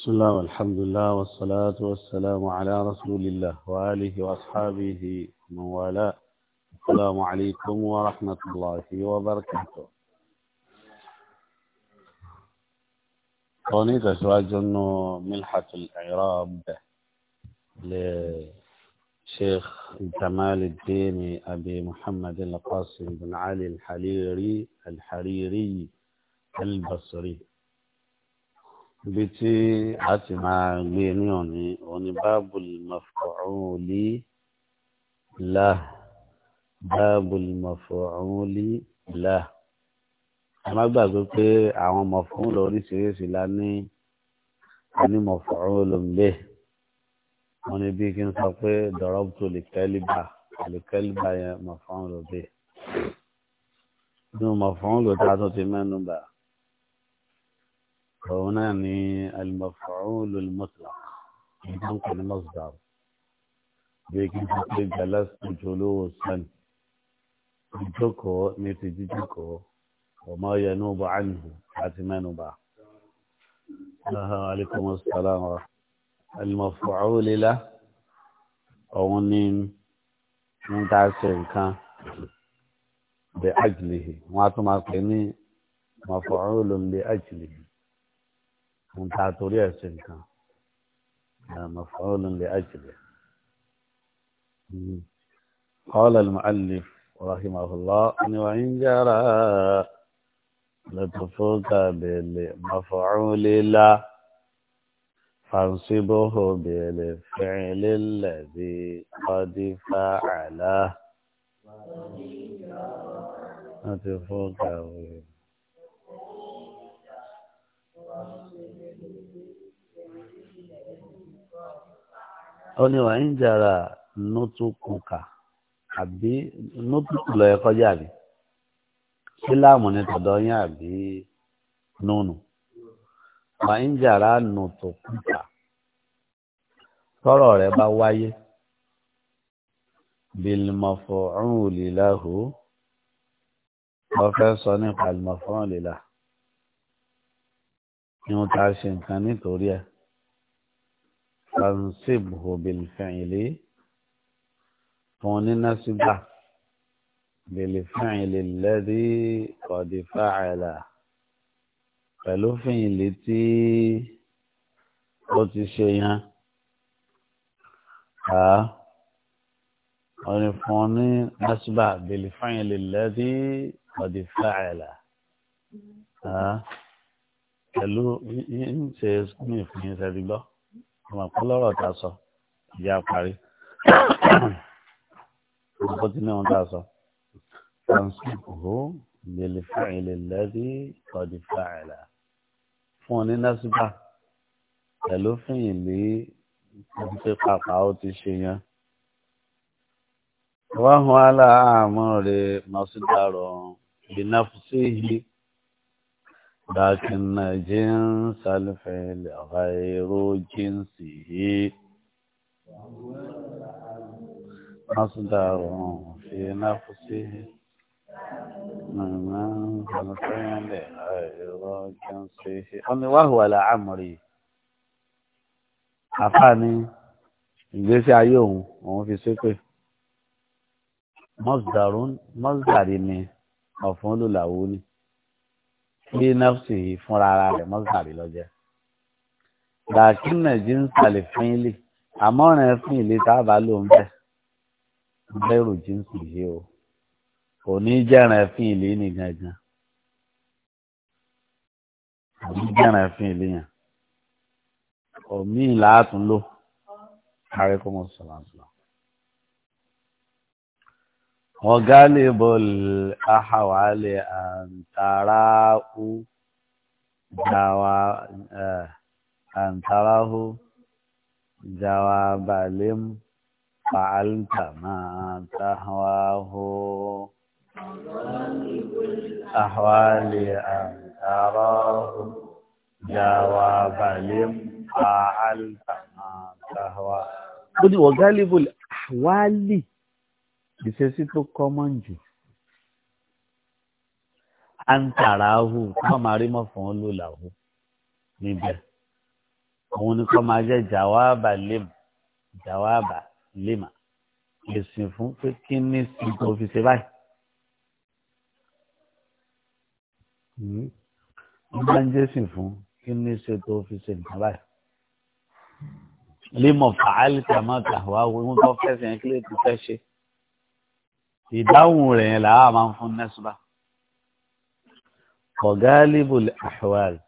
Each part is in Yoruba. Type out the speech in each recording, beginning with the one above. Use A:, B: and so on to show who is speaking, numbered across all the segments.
A: بسم الله والحمد لله والصلاة والسلام على رسول الله وآله وأصحابه ومن والاه السلام عليكم ورحمة الله وبركاته قوني أزواج أنه ملحة الإعراب لشيخ كمال الدين أبي محمد القاسم بن علي الحريري الحريري البصري ibi tí a ti máa gbé ní òní òní báàbùl maf'uli lah báàbùl maf'uli lah ẹ má gbàgbé pé àwọn maf'ul oríṣiríṣi la ní ní maf'ulun bih wọn ni bí kí n sọ pé darabtu likaliba likaliba yẹn maf'ulun bih nínú maf'ulun tá a ti mẹ́nu bàá òun náà ni al-maf'ul al-mutlaq nǹkan kan ní masdar bí kí n ti pé jalastu julusan ìjókòó ní ti jíjókòó ọmọ yanubu anhu àti mẹ́nubà. alaikum assalam al-maf'ul la òun ni ń ta ṣe nǹkan bi ajlihi wọn a tún máa pè ní maf'ul li ajlihi. انت عطوري السلكة مفعول لأجله قال المؤلف رحمه الله أن وإن جرى لتفوت بالمفعول لا فانصبه بالفعل الذي قد فعله لتفوت بالمفعول ó ní wà ń jàrà nótùkùkà àbí nótùkù lọ ẹkọ jáde síláàmù ní tọ̀dọ̀ yín àbí nùnù wà ń jàrà nótùkùkà tọ̀rọ̀ rẹ̀ bá wáyé bilimọfọ ọrùn òlìlá fẹ́ sọ nípa bilimọfọ ọrùn ìhun tá ṣe nǹkan nítorí ẹ̀ fansibhu bilfi'li fún onínásígbà bilfi'li alladhi qad fa'ala pẹ̀lú fìyìnlé tí ó ti ṣe yẹn a orin fún ní nasba bilfi'li alladhi qad pẹ̀lú ń ṣe mí fún yín sẹ́dí gbọ́ ìmọ̀ kan lọ́rọ̀ tá a sọ ìyá parí ọkọ tí náà tá a sọ tansibuhu lèlè fàìlè lẹ́rí kọ́dí fàìlà fún ọ ní násìbà pẹ̀lú fìyìn lé ibi tí pàpà ó ti ṣe yẹn. wọ́n hun aláàmú rẹ̀ mọ́sídàrọ̀ bínáfùsí yìí. لكن جنس الفعل غير جنسه مصدر في نفسه من الفعل غير جنسه وهو لعمري àfáàní ìgbésí ayé òun òun fi ṣépè mọ́sdàrí ni ọ̀fun olùlàwó ni bí nọ́ọ̀sì yìí fúnra ara rẹ̀ mọ́sàrí lọ́jẹ́. dàkí nàìjí ń sàlẹ̀ fún ilé àmọ́ràn fún ilé tábà ló ń bẹ̀ bẹ́rù jíǹsì yìí o kò ní jẹ́ràn fún ilé ní gangan àbí jẹ́ràn fún ilé yẹn omi làátún lò kárí kó mọ̀ sọ̀rọ̀ àbúrò ọ̀gálẹ̀bọ̀l àhàwálẹ̀ àǹtàráhù jàwà àǹtàráhù jàwà bàlẹ́m fàáltà máa tàwáhù àhàwálẹ̀ àǹtàráhù jàwà bàlẹ́m fàáltà máa tàwáhù. Bó ni e, ọ̀gálẹ̀bọ̀l àhàwálẹ̀ ìṣesí tó kọ́mọ̀n jù à ń tàrà ahù kọ́ máa rí mọ́ fún ló làwù níbẹ̀ òun ni kọ́ máa jẹ́ jàwáàbà lèmù jàwáàbà lèmà èsì fún pé kí ní sí tó fi ṣe báyìí. Hmm. nígbà ń jẹ́sìn fún kí ní ṣe fi ṣe nǹkan báyìí lèmọ̀ fàálì tàmọ́tà wà wọ́n tó fẹ́ sẹ́yìn kí lè ti fẹ́ ṣe ìdáhùn rẹ̀ yẹn làá máa ń fún nẹ́sùbà kọ̀gáálíbù àhùwárì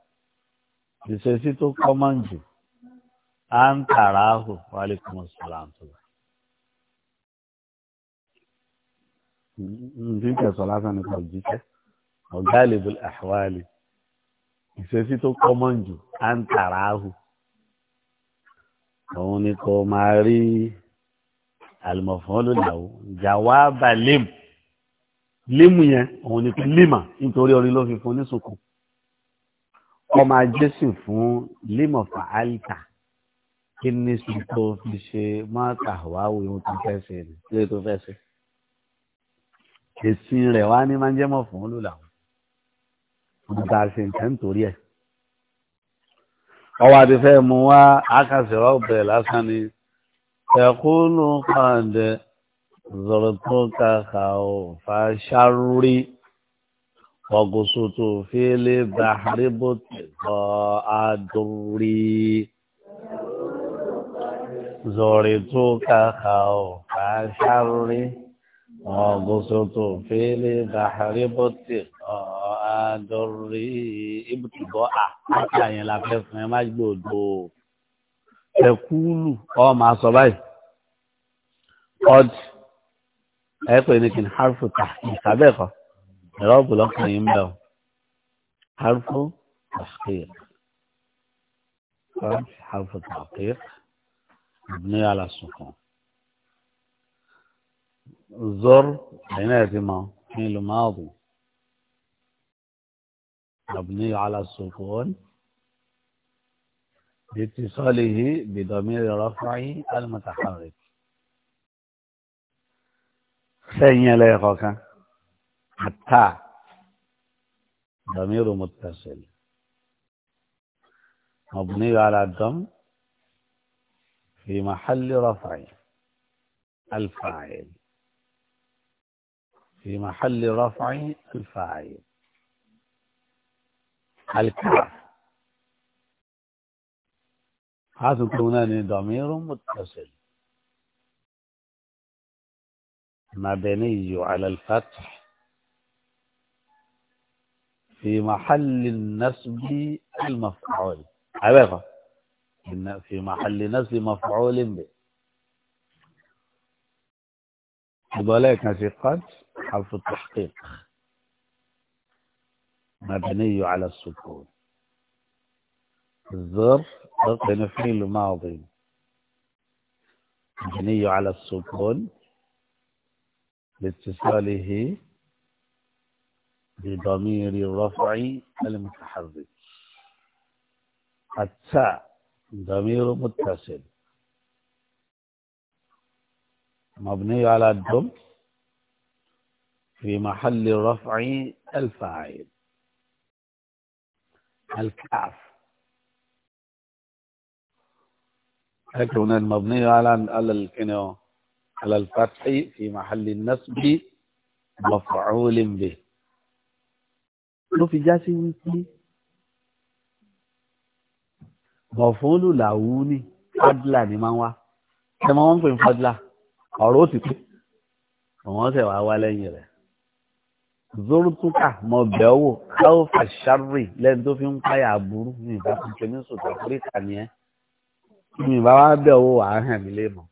A: ìṣesí tó kọ́mọ̀n jù á ń tààrà áhù wálé kọ́mọ̀ sọ̀rọ̀ àǹtọ̀lá. ǹjẹ́ kẹsàn-án lásán ni kò àhùwárì ìṣesí tó kọ́mọ̀n jù á ń tààrà áhù òun ni kò máa rí àlùmọ̀fọ́n ló làwọ̀ jàwáàbà lẹ́mù lẹ́mù yẹn òun ni pé lẹ́mà nítorí orin ló fi fún ní sunkún ọmọ jésù fún lẹ́mọ̀ fà áìkà kí ni sùn tó fi ṣe mọ́tà wá wo ohun tó fẹ́ ṣe ni kí ló tó fẹ́ ṣe èsì rẹ̀ wá ní máa ń jẹ́mọ̀ fún ló làwọ̀ ọ̀gá ṣe nǹkan nítorí ẹ̀ ọwọ́ àti fẹ́ mu wá àkàṣe ọ̀bẹ lásán ni. تقول قد زرتك خوف شر وقصت في البحر بتقاء دري زرتك خوف شر وقصت في البحر بتقاء دري ابتقاء حتى ينلقى ما جبدو تقول اه مع صبايا قد هيقول انك حرف تحقيق سابقة رب لقنا ينبغ حرف تحقيق قد حرف تحقيق مبني على السكون زر عناية ما فعل ماضي مبني على السكون باتصاله بضمير رفع المتحرك لا ليقوك حتى ضمير متصل مبني على الضم في محل رفع الفاعل في محل رفع الفاعل الكاف حاسم كونان ضمير متصل مبني على الفتح في محل النسب المفعول عبارة في محل نسب مفعول به في قد حرف التحقيق مبني على السكون الظرف أقن فعل ماضي مبني على السكون لاتصاله بضمير الرفع المتحرك التاء ضمير متصل مبني على الدم في محل رفع الفاعل الكعف هنا المبنية على على الكنو على الفتح في محل النصب مفعول به ló fi já sí wípé mọ̀fóònù làwú ní fadla ni máa ń wá ṣe máa ń pè ní fadla ọ̀rọ̀ ó ti pé àwọn ṣẹ̀ wá wá lẹ́yìn rẹ̀ zorutuka mọ bẹ́ẹ̀ wò káwọ́ fàṣàrì lẹ́ni tó fi ń páyà burú ní ìbátan pé ní sòtò àfíríkà nìyẹn mi bá wá bẹ̀ owó wàá hàn mí lé mọ́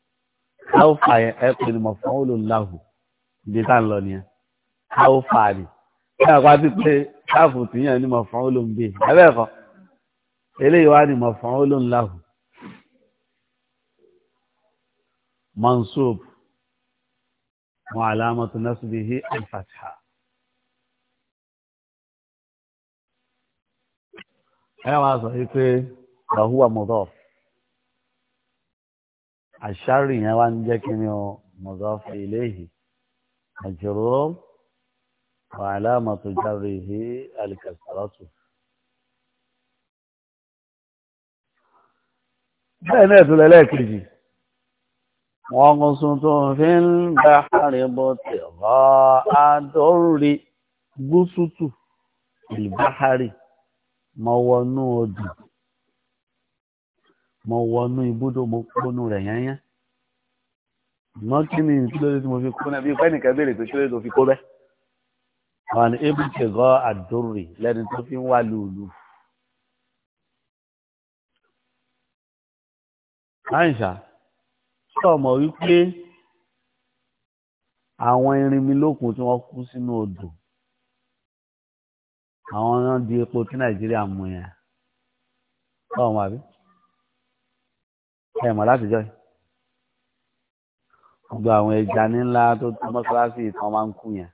A: káwọ́fà yẹn ẹ pè ní mọ̀ fún olùláhù ibi tá à ń lọ nìyẹn káwọ́fà ni kí àpá ti pé káàfù tìyàn ní mọ̀ fún olùmbé ẹ̀bẹ̀ kọ́ eléyìí wá ní mọ̀ fún olùláhù mansub mọ àlámọ̀tò násìbìhí alfàtà. ẹ wá sọ yìí pé ọ̀húwà mọ̀dọ́fù àṣàrì yẹn wá ń jẹ́ kí ni ọ mọ̀gáfẹ́ iléyìí àjọrò wàhálà màtòjáre yìí alikasaratu. bẹ́ẹ̀ náà tó lẹ́lẹ́kejì wọ́n kún sun tó ń fi ń bá àrìbọ̀ tẹ̀wọ́ àdọ́rùrí gúúsùtù ìbáhárì mọ́wọ́nú ọdún mo wọnú ibùdó mo kónú rẹ̀ yányá mọ́ kí ni ìtúlódé tí mo fi kó náà bí pẹ́ nìkan béèrè pé kílódé tó fi kó bẹ́ẹ̀ àwọn ebùkẹ̀ gọ́ àdúrì lẹ́ni tó fi ń wá lùlù. àìsà sọ̀mọ̀ wípé àwọn irinmilókun tí wọ́n kú sínú odò àwọn náà di epo tí nàìjíríà mú yẹn sọ̀mọ̀ àbí ẹ mọ̀ láti jọ́ gbogbo àwọn ẹja ńlá tó tó mọ́ṣáláṣí ìtàn máa ń kú yẹn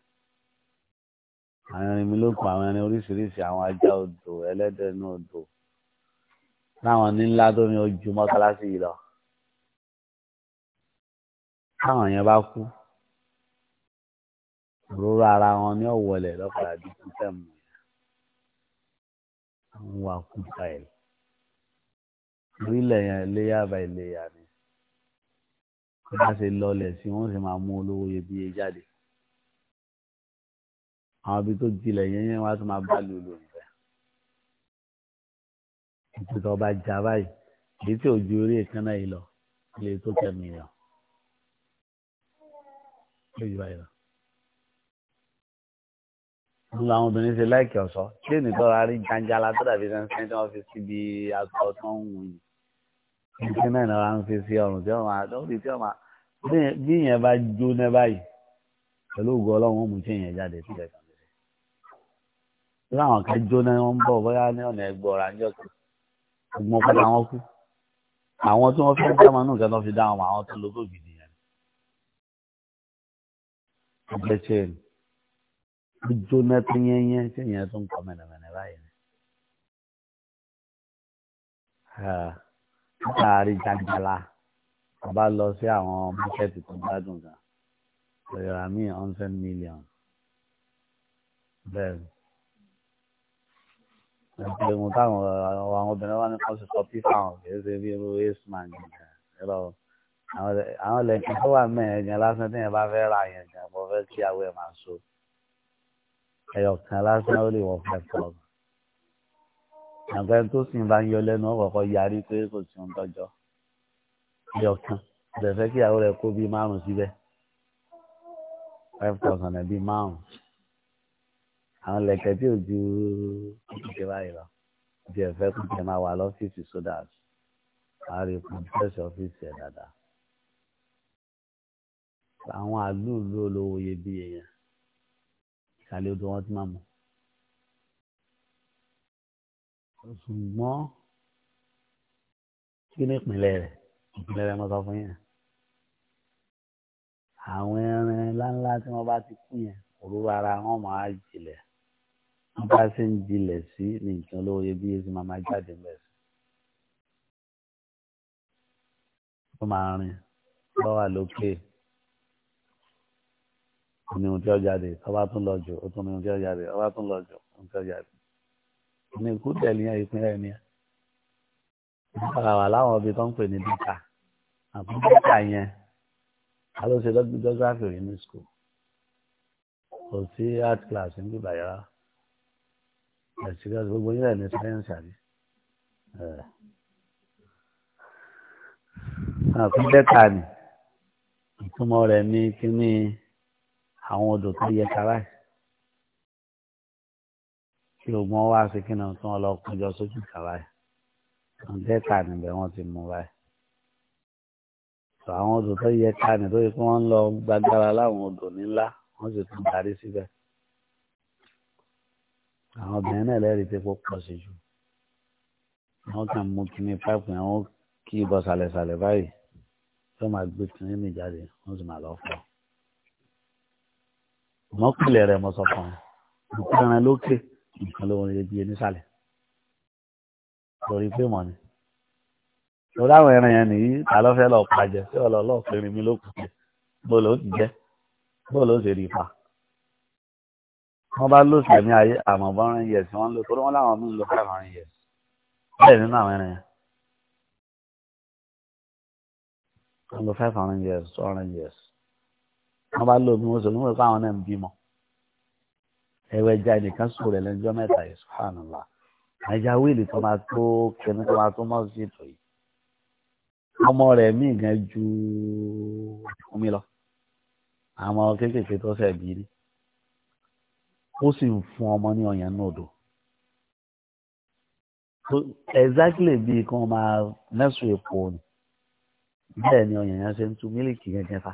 A: àwọn irin mi ló kọ àwọn irin oríṣiríṣi àwọn ajá odò ẹlẹ́dẹ̀ inú odò láwọn ńlá tó ní ojú mọ́ṣáláṣí yìí lọ táwọn yẹn bá kú òróró ara wọn ní ọ̀wọ́lẹ̀ lọ́kọ̀ọ́ àdìsí tẹ̀mù yẹn wọ́n kú báyìí orílẹ̀ yẹn léyà báyìí léyà ni bí wọ́n ṣe lọlẹ̀ sí wọ́n sì máa mú olówó iyebíye jáde àwọn ibi tó jilẹ̀ yẹn yẹn wọ́n á tún máa bá lulu nìfẹ́ ìtòtò ọba jà báyìí èyí tí ò orí ìkànnà yìí lọ ilé tó tẹ̀ mílíọ̀n lójú báyìí lọ ń lo àwọn obìnrin ṣe láìkì ọ̀ṣọ́ kí ènìtọ́ ra rí janjala tó dàbí sẹ́ńsẹ́ tí wọ́n fi síbi aṣọ tó ń wù yìí ìdí náà náà ń fi sí ọrùn tí ọmọ àdóòdì tí ọmọ bí yẹn bá jóná báyìí pẹ̀lú ògùn ọlọ́run ó mú tí yẹn jáde sílẹ̀ kan lẹ́sẹ̀. bí àwọn kan jóná wọn ń bọ̀ bóyá ní ọ̀nà ẹgbọ̀ra ńjọ́ kan ọgbọ́n padà wọn kú àwọn tí wọ́n fi ń dá wọn nùkan tó fi dá wọn àwọn tó lóko gidi yẹn. ọgbẹ́ chain ó jóná tó yẹ́nyẹ́ tí yẹn tó ń kọ́ mẹ́nẹ̀mẹ́nẹ̀ báyìí látàrí jàǹjàlá a bá lọ sí àwọn mákẹ́tì tó gbádùn gan ìrà míì hundred million bẹ́ẹ̀ ni ìgbìmọ̀ táwọn àwọn obìnrin wá ní kọ́sì sọ pífà hàn kì í ṣe bí irú aceman nìkan ẹ̀rọ àwọn lẹ́yìn tó wà mẹ́rin yẹn lásán tí yẹn bá fẹ́ ra yẹn gan mo fẹ́ kí awẹ́ máa so ẹ̀yọ̀ lásán ó lè wọ̀ fẹ́ fọ́ọ̀mù àgbẹ̀ tó sì bá ń yọ lẹ́nu ọ̀kọ̀ọ̀kọ̀ yarí pé kò sí ohun tọ́jọ́ ilé ọ̀kan ìdẹ̀fẹ́ kí ìyàwó rẹ̀ kó bíi márùn-ún síbẹ̀ five thousand ẹ̀ bíi márùn-ún àwọn lẹ̀kẹ̀ tí ò ju kíkìkì báyìí lọ bí ẹ̀fẹ́ kò tẹ̀ máa wà lọ́fíìsì sódà àárè pọ̀npẹ́sì ọ́fíìsì ẹ̀ dáadáa àwọn àlúùlú olówó iyebíye yẹn ìsàlẹ̀ odò wọn ti máa mọ̀. ṣùgbọ́n kí ni ìpínlẹ̀ rẹ̀ ìpínlẹ̀ rẹ̀ mo sọ fún yín àwọn ẹran ńláńlá tí wọ́n bá ti kú yẹn òróró ara wọn máa jìnlẹ̀ wọ́n bá ṣe ń jìnlẹ̀ sí ní nǹkan olówó iyebíye sí máa máa jáde mẹ́sì. ó máa rìn lọ́ wà lókè ó ohun tí ó jáde ọba tún lọ jù ó tún ní ohun tí ó jáde ọba tún lọ jù ohun tí ó jáde ní ikú tẹ̀lé yẹn ìpínlẹ̀ ni nípa wà láwọn ibi tó ń pè ní bíkà àbúrò bíkà yẹn a ló ṣe rí ní school kò sí art class ń bíbà yàrá ẹ̀sìn kí gbogbo yín rẹ̀ ní sáyẹ́ǹsì àbí àfún bẹ́tà ni ìtumọ̀ rẹ̀ ní kíní àwọn odò tó yẹ kára yìí kí ogun wá sí kí náà tí wọ́n lọ kọjọ sójú kà báyìí dẹ́ta níbẹ̀ wọ́n ti mú báyìí àwọn odò tó yẹ ká ní tó yẹ kí wọ́n lọ gbàgbára láwọn odò nílá wọ́n sì tún darí síbẹ̀ àwọn obìnrin náà lẹ́rìí pé kó pọ̀ sí jù wọ́n kàn mú kíní páìpù yẹn wọ́n kí ibọ̀ sàlẹ̀sàlẹ̀ báyìí tó máa gbé kíní mi jáde wọ́n sì máa lọ fọ́ mọ́kùnlé rẹ̀ mọ́sọ̀kan ìkúrẹ́rẹ́ lókè nǹkan lóhun iyebíye nísàlẹ̀ lórí pé mọ̀ ni lórí àwọn ẹran yẹn nìyí ta ló fẹ́ lọ pàjẹ́ sí ọ̀lọ́ ọlọ́ọ̀pẹ̀rin mi lókùn jẹ bó ló ti jẹ bó ló ṣe rí pa wọ́n bá lóṣù ní ayé àmọ́ bọ́rin yẹ̀ sí wọ́n lò torí wọ́n láwọn mí lò fáwọn yẹ̀ bẹ́ẹ̀ nínú àwọn ẹran yẹn. wọ́n lò five hundred years two hundred years wọ́n bá lò bí wọ́n sọ níwọ̀n pé àwọn náà ń bímọ ẹwẹ ẹja nìkan sùn rẹ lẹ́jọ́ mẹ́ta yìí subhanallah ẹja wíìlì tó máa tó kẹmí tó máa tó mọ́sí ètò yìí ọmọ rẹ míì gan ju omi lọ àmọ́ kéékèèké tó ṣẹ̀ bí rí ó sì ń fún ọmọ ní ọyàn náà dò exactly bíi kan máa mẹ́sùn èpo ni bẹ́ẹ̀ ni ọyàn yẹn ṣe ń tu mílìkì gẹ́gẹ́ fa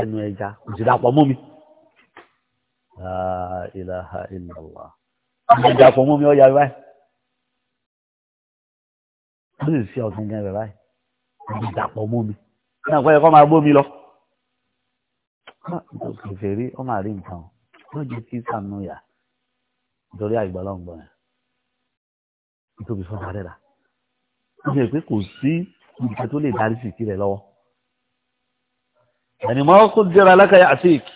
A: ẹnu ẹja kò sì dàpọ̀ mọ́ mi ilaha illallah ìdàpọ̀ mú mi ọ yàrá báyìí ó sì sí ọ̀sán gan rẹ̀ báyìí ìdàpọ̀ mú mi ní àpẹẹrẹ kọ́ máa gbó mi lọ kẹfẹ́ rí ọ máa rí nǹkan ló jẹ́ kí sànú yà nítorí àgbà lọ́ngbọ̀n yẹn nítorí sọ́nà rẹ̀ ó jẹ́ pé kò sí nǹkan tó lè darí sí ìkírẹ̀ lọ́wọ́ ẹ̀nìmọ́ kó dẹ́ra alákàyà àti ìkí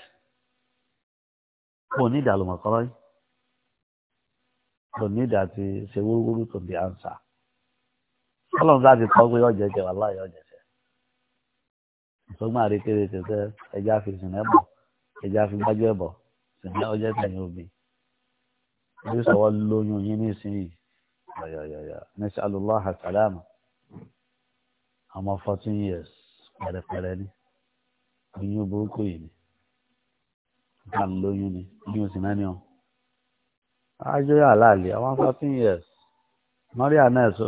A: kò ní ìdàlùmọ̀ kọ́rọ́ yìí kò ní ìdà ti ṣe wúrúwúrú tó di ànsà ọlọ́run láti kọ́ pé ọ̀jẹ̀ jẹ̀ wà láàyè ọ̀jẹ̀ jẹ̀ ìsọgbọ́n àrékèrè tẹ̀tẹ̀ ẹja fi sìn ẹ̀bọ̀ ẹja fi gbájú ẹ̀bọ̀ sìn ọjọ́ tẹ̀yìn obì orí sọ̀wọ́ lóyún yín nísìnyí yọ̀yọ̀yọ̀ ní sàlùlọ́ àsàlámù ọmọ fourteen years pẹ̀rẹ̀pẹ̀rẹ̀ ni oyún burúkú yìí ni bá ń lóyún ni ní oṣù mẹ́ni o ájọyọ̀ aláàlẹ́ àwọn fourteen years maria náà sọ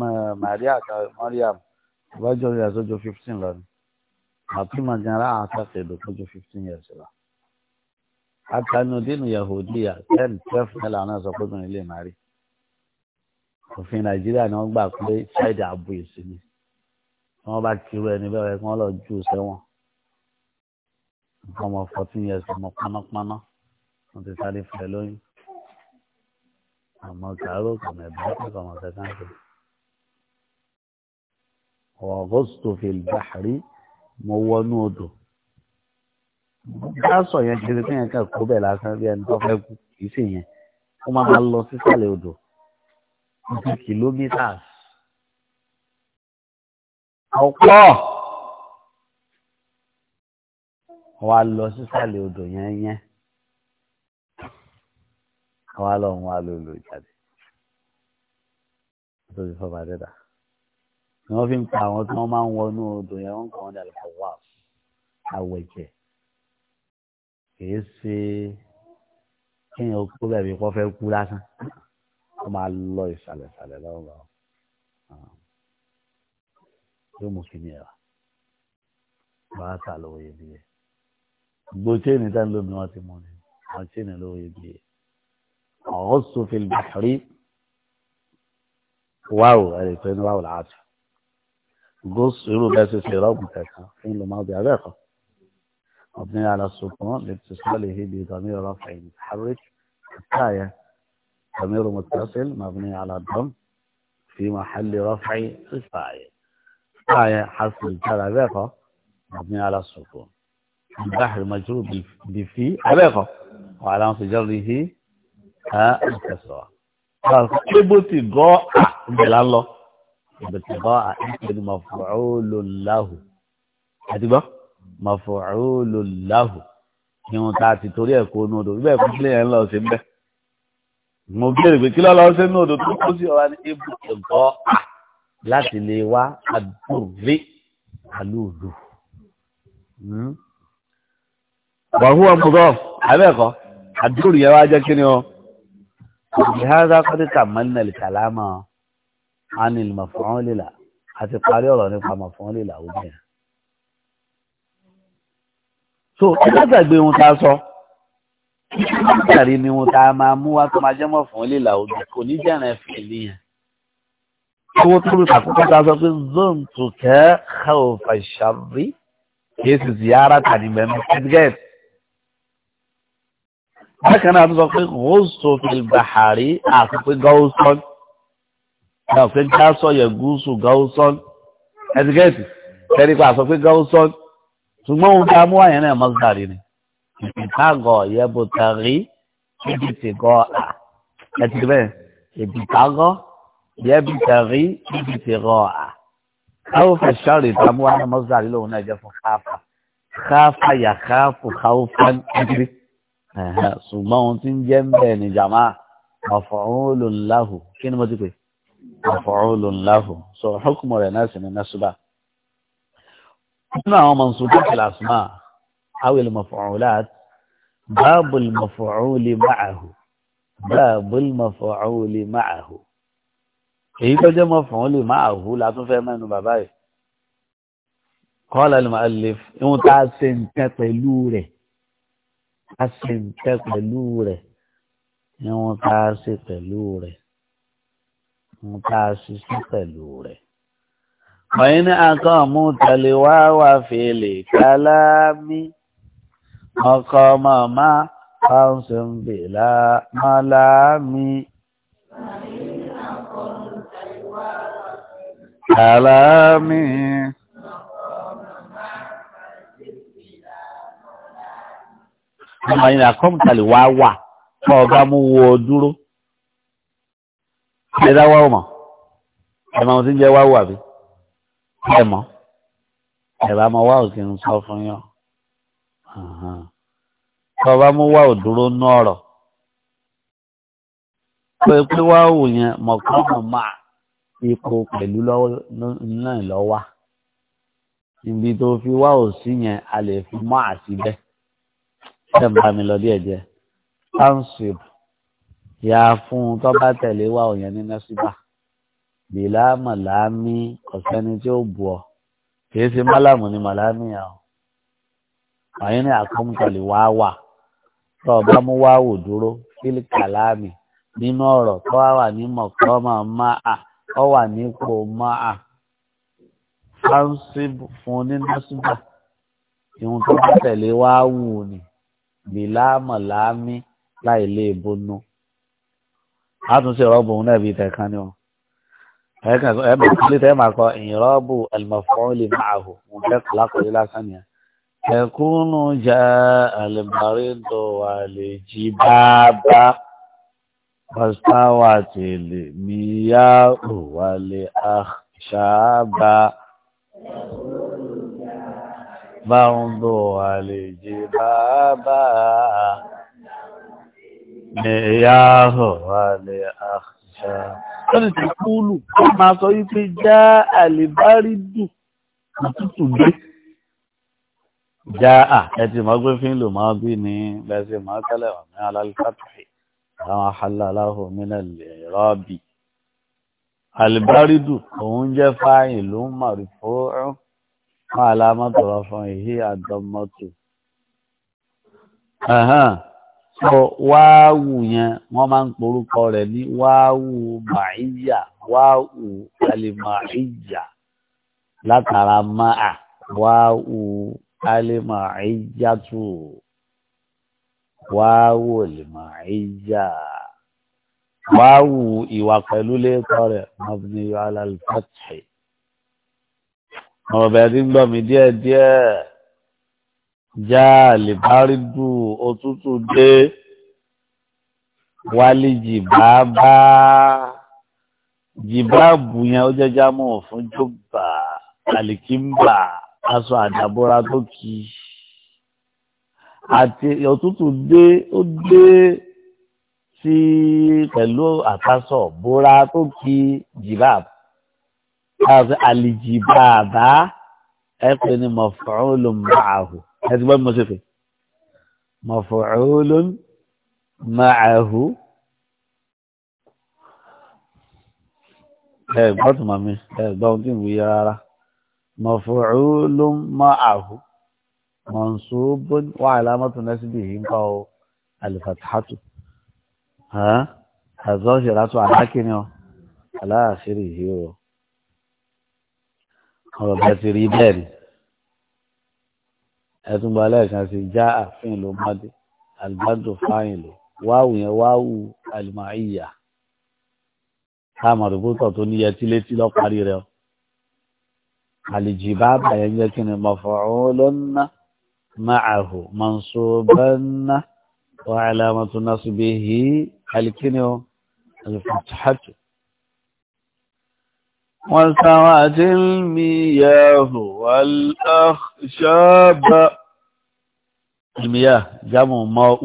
A: maria maria ìbájọ́ rẹ̀ sọ́jọ́ fifteen lọ ni àti màjàrá àtàkì ìdókòjọ́ fifteen years lọ. atanudinu yahudiya ten twelve mẹ́la náà sọ pé obìnrin lè má rí òfin nàìjíríà ni wọ́n gbà pé child abu ìsinmi wọ́n bá kiri ẹni bẹ́ẹ̀ kí wọ́n lọ jù sẹ́wọ̀n ọmọ fourteen years ọmọ panápaná wọn ti sáré fẹ lóyún ọmọ kàárò kọmọ ẹbí kọmọ sẹkáńtì ọgọstò fèlbàárí mo wọnú odò dáṣọ yẹn kiri kí yẹn kàn kó bẹ́ẹ̀ lásán bí ẹni tó fẹ́ kú kì í sì yẹn ó máa lọ sísàlẹ̀ odò kìlómítà ọ̀pọ̀ wọ́n wá lọ sísàlẹ̀ odò yẹn yẹn wọ́n wá lọ wọ́n wá lò lò jáde lórí fọba dẹ́dà ni wọ́n fi ń pa àwọn tí wọ́n máa ń wọnú odò yẹn wọ́n kàn wọ́n dà lọ́wọ́ wà àwẹ̀jẹ̀ kìí ṣe kéèyàn kó bẹ̀bí kó fẹ́ kú lásán wọ́n máa lọ ìsàlẹ̀ ìsàlẹ̀ lọ́wọ́ yóò mú kí ni ẹ̀ wá wàá sàlọ̀ òye bíi. بوتين تان لو بنواتي موني عشان لو يجي غص في البحر واو الفين واو العاطفة غص يقولوا بس سيراب متاكا فين الماضي علاقة مبني على السلطان لاتصاله بضمير رفع متحرك الآية ضمير متصل مبني على الضم في محل رفع الفاعل آية حصل الجر مبني على السكون البحر مجرور بفي أبيقى وعلى جره ها الكسرة قال ابتغاء بل الله ابتغاء اسم مفعول له هتبقى مفعول له ìwọ̀n tá a ti torí ẹ̀ kó nódò bíbẹ̀ fún kílẹ̀ yẹn lọ sí mbẹ́ mo béèrè pé kílọ̀ lọ sí nódò tó kó sí ọ̀rá ní ibùkẹ̀kọ́ láti lè wá àdúrí àlúùdù wàhúwà mudọ́f abẹ́ẹ̀kọ́ àdúrù yẹn wá jẹ́ kí ni o ìhádá kọ́díkà mọ́nà ìkàlámà anil mọ̀fọ́n lílà àti parí ọ̀rọ̀ nípa mọ̀fọ́n lílà obìnrin. so ìdájàgbé ohun tá a sọ látàrí ni ohun tá a máa mú wá tó máa jẹ́ mọ̀fọ́n lílà obìnrin kò ní jẹ́rìn ẹ̀fẹ̀ nìyẹn. owó tó lù sàkókò tá a sọ pé zone tó kẹ́ ẹ̀ ò fà ṣàrí kí èsì ziyara tàbí mẹ́mẹ́ ẹ̀dgẹ́tì bákan náà sọ pé gúúsù fil bahari àti pé gáúsọ́n náà pé gáúsọ́ yẹ gúúsù gáúsọ́n ẹ̀dígẹ́tì tẹ́lẹ̀ pé àsọ pé gáúsọ́n ṣùgbọ́n òun ká mú àyẹ̀ náà mọ́sítàrí ni ìpìtàgọ̀ yẹ bó tẹ̀rí ibi tí gọ́ à ẹ̀tì bẹ́ẹ̀ ìpìtàgọ̀ yẹ bí tẹ̀rí ibi tí gọ́ à. káwọ́ fẹ̀ sọ́ọ̀rì tá mú àyẹ̀ mọ́sítàrí lòun náà jẹ́ fún káfà káfà yà káfù káwọ́ fún ẹ̀dírí ṣùgbọ́n ohun tí ń jẹ́ ń bẹ̀ ni jàmá maf'ulun lahu kí ni mo ti pè maf'ulun lahu so hukmu rẹ̀ náà sì ni nasuba nínú àwọn mansubat al-asma awil maf'ulat babul maf'uli ma'ahu babul maf'uli ma'ahu èyí tó jẹ́ maf'uli ma'ahu la fẹ́ mẹ́nu bàbá yìí qala al-mu'allif ìwọ̀n tá a ṣe nǹkan pẹ̀lú rẹ̀ a sì ń tẹ pẹ̀lú rẹ̀ ní wọn tá a ṣe pẹ̀lú rẹ̀ wọn tá a ṣiṣẹ́ pẹ̀lú rẹ̀. ọ̀yin ní akọ́ mú tẹ̀lé wá wá fi lè kálá mi ọkọ màmá fáwọn bèlà mọ́lá mi. Kàlámì. ọmọ yìí nà kọ́mùtàlì wá wà kọ́ ọba mú wọ dúró ṣe dá wá ọmọ ẹ máa ti ń jẹ wá wà bí ẹ mọ ẹ bá mọ wá òkè ń sọ fún yàn kọ́ ọba mú wá òdúró nú ọ̀rọ̀ pé pé wá òwò yẹn mọ̀kánmọ̀ máa ipò pẹ̀lú náà lọ́wọ́ níbi tó fi wá òsì yẹn a lè fi mọ́ àti bẹ́ẹ̀ ṣe ń bá mi lọ díẹ̀ díẹ̀ township yà fún un tó bá tẹ̀lé wà òyìn ní nẹ́síbà bìlá màlámí ọ̀sẹ́ni tí ó bù ọ kì í ṣe málàmù ni màlámí yà ó àyín ní àkọ́mùtọ̀lì wá wà tó o bá mú wá wò dúró fílì kàlámì nínú ọ̀rọ̀ tó wà ní mọ̀kọ́mà máa ọ wà nípò máa township fún ní nẹ́síbà ìhun tó bá tẹ̀lé wá wù ni bìlámọ̀láàmí láì lè bonú a tún ṣe rọ́ọ̀bù òun náà bíi tẹ̀kan ni ọ ẹ̀ẹ́dẹ̀kan kí lè tẹ́ máa kọ ìrọ́ọ̀bù al-maf'ul ma'ahu òun kẹ́kọ̀ọ́ lákòrí lásán nìyẹn ẹ̀kúnnù jẹ́ àlùbáríndò wà lè jí bàbá pàṣípàwà tèlè míyá òwà lè àṣàbà. ẹ̀kúnnù برضو الجباب نياه والأخشى lọ́nà tí kúlù ó máa sọ wípé já àlìbárídù àtútù dé já à ẹtì mọ́ pé fíìlù máa bí ní lẹ́sẹ̀ máa tẹ́lẹ̀ wà ní alálùkàtàì àwọn aláhàláhù mínà lè rọ́ọ̀bì àlìbárídù òun jẹ́ fáyìn ló ń mọ̀rí fóòrùn ما علامة رفعه هي الضمة أها so wáwù yẹn wọ́n máa ń porúkọ rẹ̀ ní wáwù màáyà wáwù alimàáyà látara máa wáwù alimàáyà tù wáwù alimàáyà wáwù ìwà pẹ̀lú lẹ́kọ̀ọ́ rẹ̀ mabniyu alal fathi àwọn ọbẹ̀ tí ń gbọ́ mi díẹ̀ díẹ̀ já àlìbárídù òtútù dé wálé jìbábá jìbáàbù yẹn ó jẹ́jà mọ̀ fún jọba àlìkímbà aṣọ àdàbọ̀ra tó kì í àti òtútù dé ó dé sí pẹ̀lú àtàṣọ bóra tó kì í jìbáàbù káàfin àlìjìbàbà ẹ pè ní mọ̀fọ́ọ́lù máàhù ẹ ti gbọ́ bí mo ṣe pè mọ̀fọ́ọ́lù máàhù ẹ gbọ́ tó màmí ẹ gbọ́ ohun tí ń wuyẹ rárá mọ̀fọ́ọ́lù máàhù mọ̀nsóbó wà alámọ́tò látọ̀ alákìnrin ọ aláàṣírí yìí ọ̀rọ̀ bẹ́ẹ̀ ti rí bẹ́ẹ̀ ni ẹtún bá lẹ́ẹ̀kan sí já àfin ló mọ́dé alibádùn fáyìn ló wáwù yẹn wáwù alimáyà táàmù rìpótọ̀ tó níyẹ tí létí lọ́parí rẹ o àlìjì bá bàyẹ ń jẹ́ kí ni maf'ulun ma'ahu mansuban wa alamatu nasbihi alikini o alifatuhatu. وسعت المياه والأخشاب المياه جمع ماء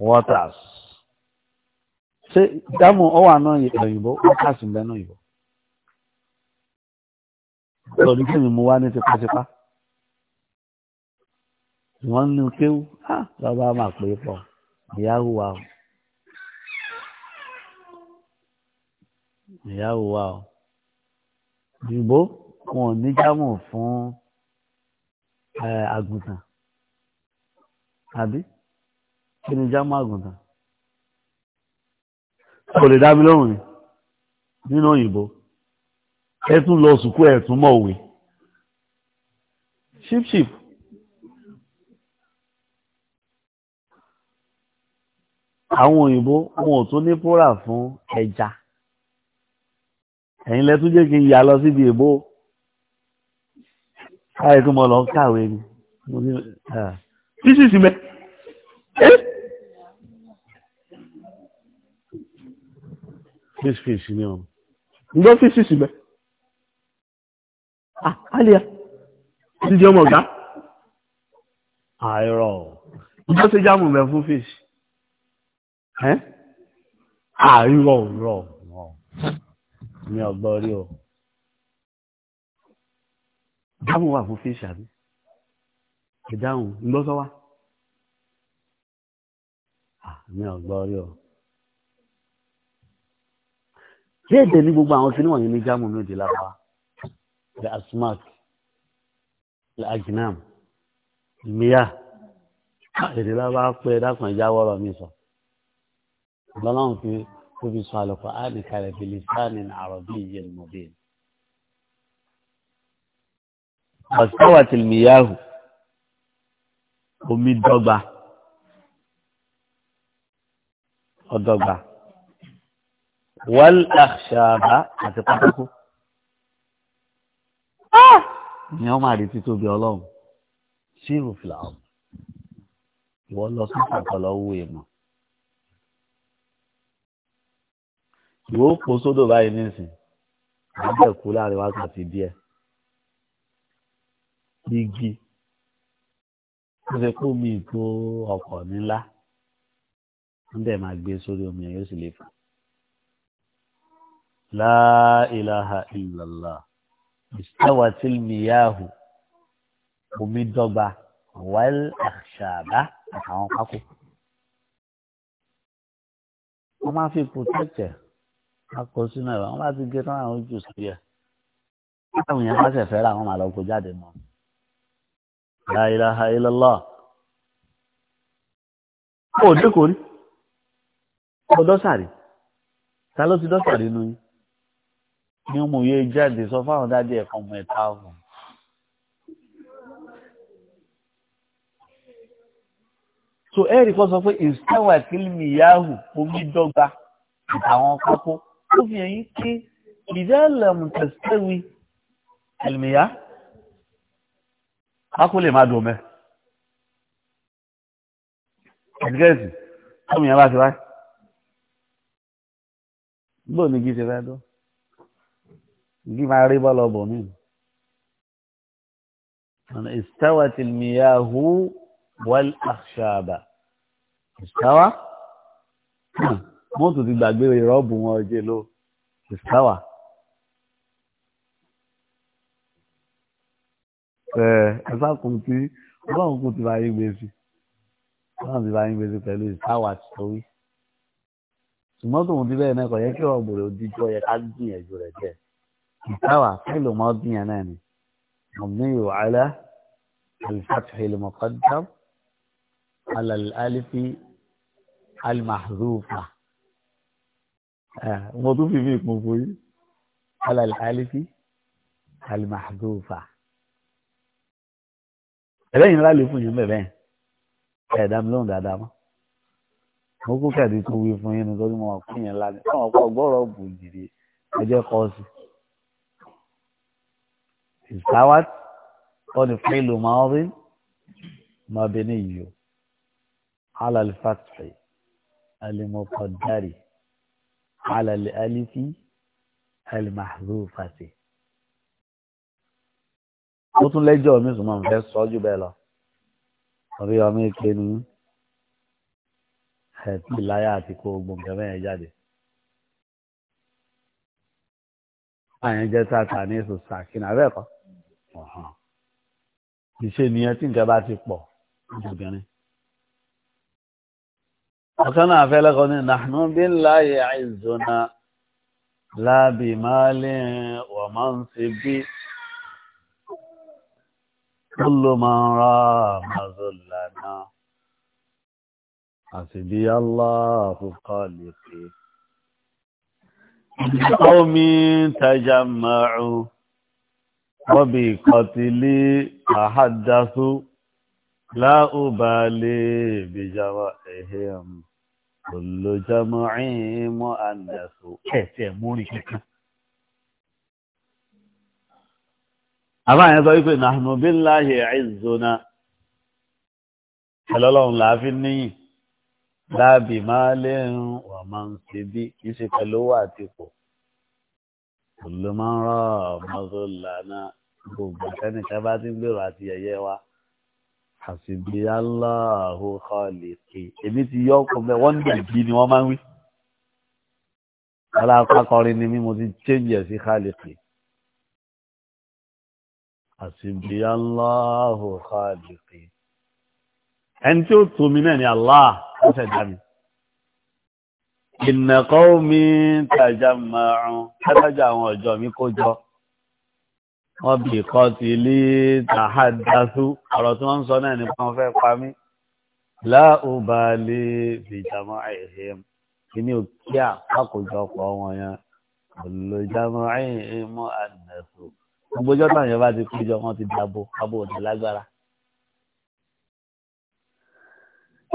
A: waters ṣe dámù ọwà náà òyìnbó waters ń bẹ náà òyìnbó lọ́dún kí ni mo wá ní tipátipá wọ́n ní kéwú ah, bàbá máa pè é pọ̀ ìyáwó wa o. ìyàwó wa o ìbò wọn ò ní jámù fún àgùntàn àbí kí ni jámù àgùntàn kò lè dá mi lóhùn ni nínú òyìnbó ẹ tún lọ sùkú ẹ tún mọ̀ òwe ship ship àwọn òyìnbó wọn ò tún ní púrà fún ẹja. E ẹ̀yin lẹ́tún jẹ́ kí n yà lọ síbi èbó káyọ̀ tó mọ lọ káwé ni sísìsì mẹ́ fish ni ọ̀n ǹgbọ́ sísìsì mẹ́ àlìyà jíjẹ ọmọ ọ̀gá àìrọ̀ ǹgbọ́ sí jámù mẹ́ fún fish àìrọ̀ rọ̀ mi ò gbọ́ rí o. dáhùn wà fún fíṣà mi ìdáhùn ńlọ́sọ́ wa mi ò gbọ́ o. déédéé ní gbogbo àwọn kìnìún wọ̀nyí ní jámù ní òde lápá the asmat the agnam ìmíyà èdè lápá pé dákùn ẹja wọ́rọ̀ mi sọ. lọ́lọ́run fi tóbi sọ àlùkò áàlì kalẹ̀ bilisani àròbí yẹn mọ̀bí. ọ̀sẹ̀wà tìlmìyàhù omi dọ́gba ọ̀dọ́gba wọ́n àṣàbà àti pátákó. ni ah! wọ́n máa rí títóbi ọlọ́run ṣírù fìlà ọ̀hún ìwọ lọ sí ìpàkọ́ lọ́wọ́ èèmọ̀. yóò po sódò báyìí nísìn àbẹ̀ kú láàrin wákàtí díẹ̀ igi ó ṣe kó mi tó ọkọ̀ nílá ń dẹ̀ máa gbé sórí omi ẹ̀ yóò sì lè fà la ilaha illallah miyahu omi dọ́gba wal akhshaba àtàwọn pákó wọ́n máa fi protect ẹ̀ akọ sínú ẹ̀rọ àwọn bá ti gé tán àwọn ojú sí ẹ̀ táwọn èèyàn bá ṣẹ̀fẹ́ ra àwọn màá lọ kó jáde mọ́ la ilaha illallah ó dé kò rí ó dọ́sàrí ta ló ti dọ́sàrí nu yín ní mo yé jáde sọ fáwọn dáadé ẹ̀kan ọmọ ẹ̀ta ọ̀hún. so ẹ̀rì kan sọ pé ìsẹ́wà kìlìmì yahoo omi dọ́gba àtàwọn kápó. وفيك بدال لم تستوي المياه اقول ما دومه ما انا استوت المياه والاخشاب استوى wọ́n tún ti gbàgbé rọ́ọ̀bù wọn jẹ ló ìsáwà. ẹ ẹ sákùn tí ọlọ́run kù ti bá yín gbèsè ọlọ́run ti bá yín gbèsè pẹ̀lú ìsáwà torí. ṣùgbọ́n tòun ti bẹ́ẹ̀ náà kò yẹ kí rọ́ọ̀bù rẹ̀ díjú ọ̀yẹ ká gbìyànjú rẹ̀ jẹ́ ìsáwà kílò mọ́ bíyàn náà ni mọ̀míyù alẹ́ alifatihi lomọ́kọ́dá alẹ́ alifi alimahzufa. Ah, mo tún fi mí ìpín fún yín alàlẹ àlẹfí alimahdufa ẹlẹyìn ńlá lè fún yín bẹ́ẹ̀ bẹ́ẹ̀ ẹdá mi lóhùn dáadáa mọ mo kú kẹ̀dí tó wí fún yín nítorí mo wà fún yín ńlá ni wọn bù jìrì ẹjẹ kọ sí ìsáwát wọn ni fún ìlú máa rí máa bẹ dárì. على الألف المحذوفة ó tún lẹ́jọ́ mi sùn máa ń fẹ́ sọ jù bẹ́ẹ̀ lọ orí ọmọ ike ni ẹ̀tí láyà àti kó gbòǹkẹ́ mẹ́rin jáde àyàn jẹ́ tàtà ní èso sàkínà abẹ́ẹ̀kọ́ ìṣe nìyẹn tí nǹkan bá ti pọ̀ lóbìnrin ọ̀kan náà fẹ́ lẹ́kọ̀ọ́ ní nàánú bí láyé àìzọ́nà lábì máa lè wà máa ń ṣe bí kúlò máa ń ra àmàzọ́là náà àti bí aláàkùkọ́ lè pè Omi tajà màrù, wọ́bì kọtìlì àhádású, láùbálẹ̀ bìjàwà ẹ̀hẹ́ àmì olùjọmọ ìmọ̀ àdàsó ẹ̀sẹ̀ múrin kankan. àbáyẹn sọ wípé nahnu billahi izzuna ẹlọ́lọ́run làáfin níyìn láàbì máa lé ń wà máa ń ṣe bí kì í ṣe pẹ̀lú owó àti ipò olùmọ̀ràn mọ́tò lànà gbogbo ẹnìkan bá ti ń gbèrò àti yẹ̀yẹ́ wa àṣìbí aláàhó kọ́ọ̀lẹ́kẹ́ èmi ti yọ ọkọ mẹ wọ́n dẹ̀ bí ni wọ́n máa ń wí. ọlá akọrin ni mí mo ti change ẹ̀ sí kọ́ọ̀lẹ́kẹ́. àṣìbí aláàhó kọ́ọ̀lẹ́kẹ́. ẹni tí ó tó mi náà ni aláà ó fẹ́ dá mi. ìnàkọ́ mi tàjà màrún kẹ́tàjà àwọn ọ̀jọ́ mi kó jọ wọ́n bì kọ́ ti lé tàhádású ọ̀rọ̀ tí wọ́n ń sọ náà ni wọ́n fẹ́ pa mí láòbá lè fìjàmọ́ àìhìm kíní òkè àkójọpọ̀ wọn yẹn olùjàmọ́ àìhìmọ́ àdìnàṣù gbogbojọ́ náà yẹn bá ti péjọ wọn ti dàbò abo òdì lágbára.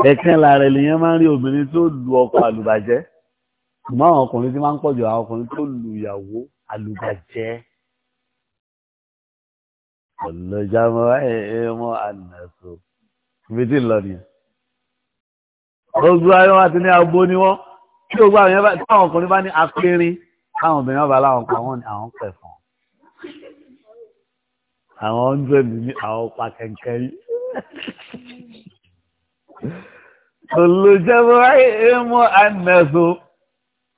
A: ẹ̀kẹ́ lára ènìyàn máa ń rí obìnrin tó lu ọkọ àlùbàjẹ́ ṣùgbọ́n àwọn ọkùnrin tí máa ń pọ̀jù àwọn ọkùnrin tó lu ìyàwó àlùbàjẹ́ ọ̀lọ́jàmọ́ ẹ̀ẹ́mọ́ ànàṣọ ibi tí ń lọ nìyẹn. gbogbo ayé wa ti ní agbo ni wọ́n tí gbogbo àwọn yẹn bá tí àwọn ọkùnrin bá ní apẹ́rin táwọn obìnrin bá láwọn pa wọ́n ní àwọn pẹ̀ fún àwọn hundred ní àwọn pa kẹ̀kẹ́ yìí. ọ̀lọ́jàmọ́ ẹ̀ẹ́mọ́ ànàṣọ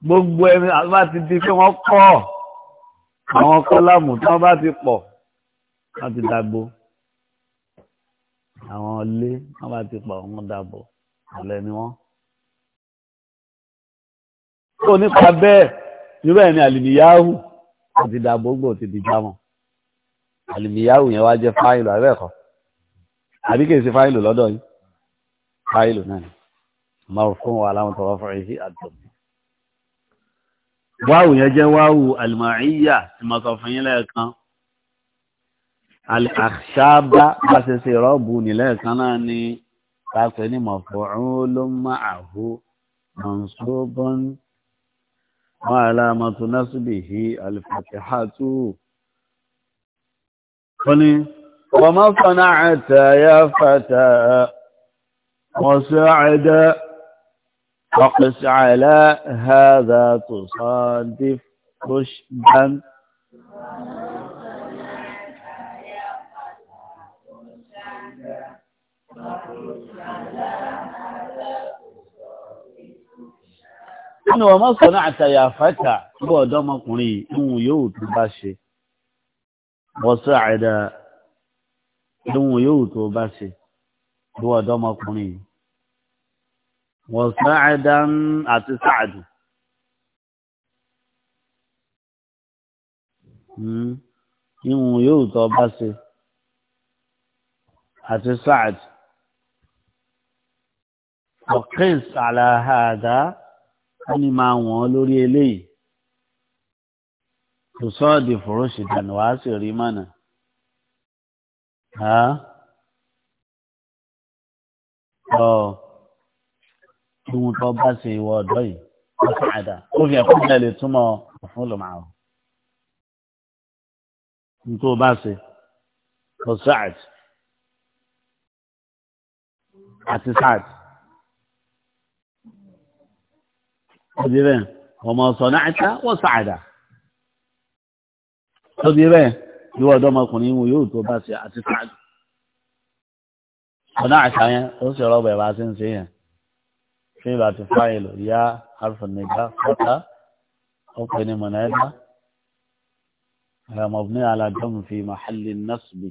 A: gbogbo ẹni àbá ti di pé wọ́n kọ́ àwọn kọ́lámù tí wọ́n bá ti pọ̀ wọ́n ti dagbo àwọn ilé wọ́n bá ti pọ̀ wọ́n dàbọ̀ ọ̀lẹ ni wọ́n. kó nípa bẹ́ẹ̀ irú ẹ̀ ni àlìmíyáhù àti dàbò gbò ti di jámọ̀ àlìmíyáhù yẹn wá jẹ́ fáìlù àbẹ́ẹ̀kọ́ àbí kìí ṣe fáìlù lọ́dọ̀ yìí fáìlù náà ni máa fún wa láwọn tọrọ fún ẹ̀ṣí àtọ̀mù wáwù yẹn jẹ́ wáwù àlìmọ̀ọ́yà tí mo sọ fún yín lẹ́ẹ̀kan àṣàbá bá ṣe ṣe rọ́ọ̀bù nílẹ̀ kan náà ni káṣẹ ní mọ̀fọ́rún ló máa àhó mọ̀nsóbọ́n wọn aláàmọ́tò násùbìhì alìfàtìhàtù wọ́n ni wọ́n máa fọ́nà àtàyà fàtà وسعدا وقس على هذا تصادف رشدا nínú ọmọ sọ̀nà àtàyà fàtà bọ́ ọ̀dọ́mọkùnrin ìhun yóò tó bá ṣe bọ́sẹ̀ àìdá ìhun yóò tó bá ṣe bọ́ ọ̀dọ́mọkùnrin wọ̀sẹ̀ àìdá àti sáàdù. ìhun hmm, yóò tó bá ṣe àti sáàdù. وقس على wọ́n ní máa wọ̀n lórí eléyìí kò sọ́ọ̀dì fòróṣì dànù wá sí rí mọ́nà. ọ ohun tó bá ṣe ìwọ ọ̀dọ́ yìí ó sì àdá ó fi ẹ̀kọ́ náà lè túmọ̀ fún lòmàrún. ohun tó bá ṣe kò sáàtì àti sáàtì. خذ طيب وما صنعت وسعدا طيب خذ يبين يو دوما قنيم ويو تو باسي اتسعد صنعت يا اوسي روبا باسين سي في بات فايل يا حرف النجا فتا او كني منايدا مبني على جم في محل النصب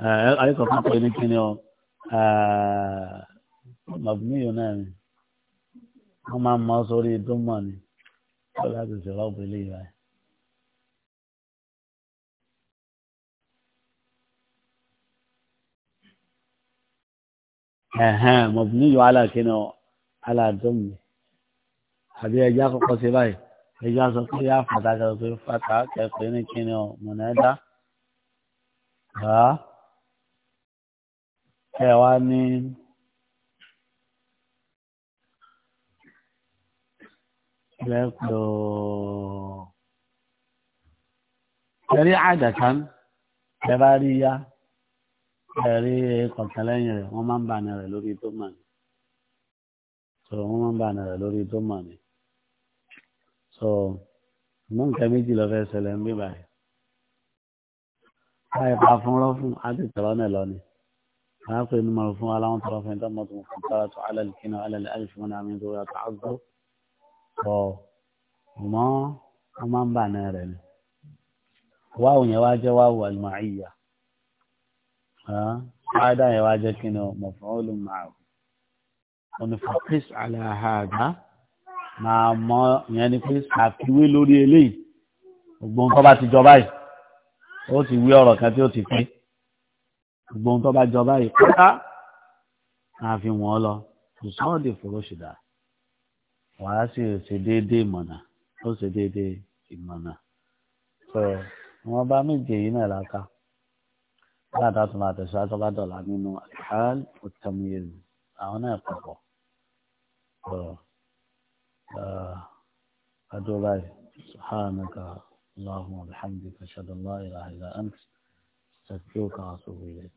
A: ايه ايه ايه ايه ايه màbúmíyò náà ni wọ́n máa ń mọ sórí dúnmọ̀ ni wọ́n láti ṣe rọ́ọ̀bù ilé ìwà yìí. ẹ̀hẹ́n mọ̀bùnú alákínà aládùnmù àbí ẹja kọ́kọ́ sí báyìí ẹja sọ pé yá fàtàkì lẹ́pọ̀. Ẹ̀rí àjàkán, ẹ̀rá rí yá, ẹ̀rí kọ̀kẹ́lẹ́yìn rẹ̀, wọ́n máa ń bà ní rẹ̀ lórí tó mọ̀ ní. So, wọ́n máa ń bà ní rẹ̀ lórí tó mọ̀ ní. So, mú nǹkan méjì lọ fẹ́ ṣẹlẹ̀ ń bí báyìí. Báyìí pa fún rọ́fún, á ti tọ̀rọ̀ náà lọ ni. Àwọn akọ̀yìn ní mọ̀rọ̀ fún aláwọ̀ tọ̀rọ̀ fún ẹ̀dá mọ̀tò fún tọ́lá tó alẹ́ kí náà alẹ́ alẹ́ fún àmì tó yàtọ̀ àgbọ̀. bọ̀ mọ́ wọ́n máa ń bà náà rẹ̀ ni wáwù yẹn wá jẹ́ wáwù àlùmáàyà ah, ṣáádà yẹn wá jẹ́ kí ni mọ̀fọ́ olùmọ̀ọ́ onífọ̀kís àlàáhàdá máa mọ́ ìyẹn ni pé ṣàfiwé lórí eléyìí gbogbo nǹkan bá ti jọ báyìí ó ti wí ọ̀rọ̀ kan tí ó ti pé gbogbo nǹkan bá jọ báyìí pátá àfi wọ́n lọ kò sọ́ọ́ dè fòrò ṣìdá. wàá sì ṣe déédéé ìmọ̀nà ó ṣe déédéé ìmọ̀nà so wọn bá méje yìí náà láka láàdá tó máa tẹ̀sọ́ tó dọ̀la nínú al at àwọn náà papọ̀ adó báyìí subhanaka allahumma wa bihamdika ashhadu an la ilaha illa anta astaghfiruka wa atubu ilayk.